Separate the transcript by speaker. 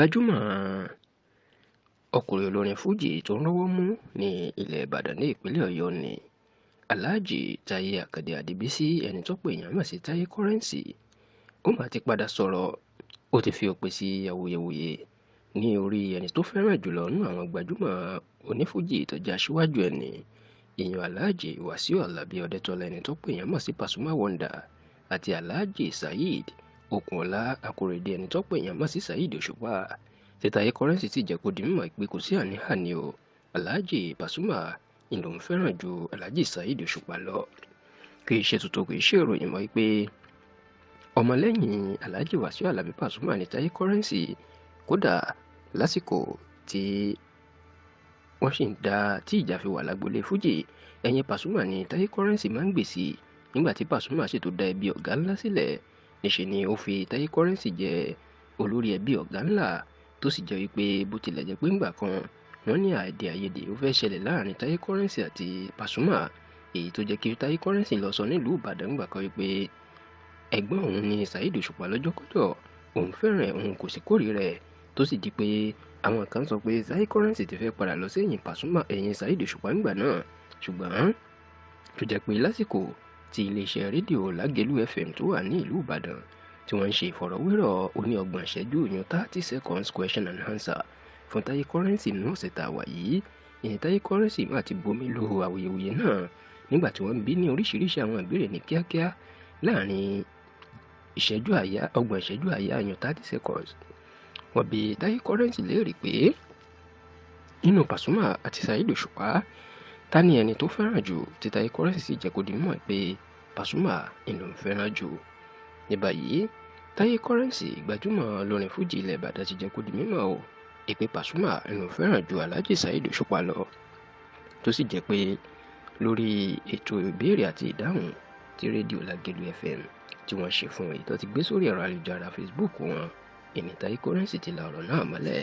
Speaker 1: gbajúmọ̀ ọkùnrin olórin fújì tó ń rọ́wọ́ mú ní ilẹ̀ ìbàdàn ní ìpínlẹ̀ ọ̀yọ́ ni aláàjì táyé àkàdé àdìbísí ẹni tó pè yàn mọ̀ sí táyé kọ́rẹ́ǹsì ó mà ti padà sọ̀rọ̀ ó ti fi òpin sí awuyewuye ní orí ẹni tó fẹ́ràn jùlọ nínú àwọn gbajúmọ̀ onífújì tó jẹ́ aṣíwájú ẹni èèyàn aláàjì wàsíù alábí ẹni tó pè yàn mọ̀ sí pasuma wonder àti aláàjì saheed Òkùnọlá Àkòrèdé ẹni tọ́pọ̀ èèyàn mọ̀ sí Saheed Òṣùpá títa ayé kọrẹ́ǹsì sì jẹ́ kó di mímọ̀ pé kò sí àní o Alhaji Pasuma ìlò ń fẹ́ràn ju Alhaji Saheed Òṣùpá lọ kì í ṣe tuntun kì í ṣe ìròyìn mọ́ pé ọmọlẹ́yìn Alhaji Wàsíù Àlàbí Pasuma ní táyé kọrẹ́ǹsì kódà lásìkò tí wọ́n sì ń da tí ìjà fi wà lágbolé fújì ẹ̀yìn Pasuma ní táyé kọrẹ́ǹsì máa ń gbèsè nígbà tí Pasuma sì tó da ẹbí ọ̀gá ńlá sílẹ̀ níṣe ni ó fi Táyé Currency jẹ olórí ẹbí ọ̀gá ńlá tó sì jẹ́ wípé bó tilẹ̀ jẹ́ pé ńgbà kan wọ́n ní àìdè àìyedè ó fẹ́ ṣẹlẹ̀ láàrin Táyé Currency àti Pasuma èyí tó jẹ́ kí Táyé Currency lọ sọ nílùú Ìbàdàn ńgbà kan wípé ẹ̀gbọ́n òun ni Saheed Òṣùpá lọ́jọ́kọ́jọ́ òun fẹ́ràn òun kò sì kórìíra ẹ̀ tó sì di pé àwọn kan sọ pé Táyé Currency ti fẹ́ padà lọ sí ẹ̀yìn Pasuma ẹ̀yìn Saheed Òṣùpá ńgbà náà ṣùgbọ́n tó jẹ́ pé lásìkò ti iléeṣẹ́ rédíò lágẹ̀lú fm tó wà ní ìlú ìbàdàn tí wọ́n ń ṣe ìfọ̀rọ̀wérọ̀ oní ọgbọ̀n ìṣẹ́jú ìyún thirty seconds question and answer fún Táyé Currency ní ọ̀sẹ̀ tá a wà ìyẹn Táyé Currency máa ti bomi lu awuyewuye náà nígbà tí wọ́n bí ní oríṣiríṣi àwọn ìbéèrè ní kíákíá láàrin ìṣẹ́jú àyá ọgbọ̀n ìṣẹ́jú àyá ìyún thirty seconds wọ́n bi Táyé Currency léèrè pé nínú Pasuma àti Saheed Òṣùpá ta ni ẹni tó fẹ́ràn jù títa Currency sì jẹ́ kó pé Pasuma ìlú ń fẹ́ràn jù ní báyìí Táyé Currency gbajúmọ̀ lórin fújì ilẹ̀ Ìbàdàn ti jẹ́ di mímọ̀ o èpè Pasuma ìlú ń fẹ́ràn jù Alhaji Saheed Òṣùpá lọ tó sì jẹ́ pé lórí ètò ìbéèrè àti ìdáhùn ti rédíò Lágẹ̀lú FM tí wọ́n ṣe fún èyí tó ti gbé sórí ẹ̀rọ ayélujára Facebook wọn Táyé Currency ti la ọ̀rọ̀ náà mọ́lẹ̀.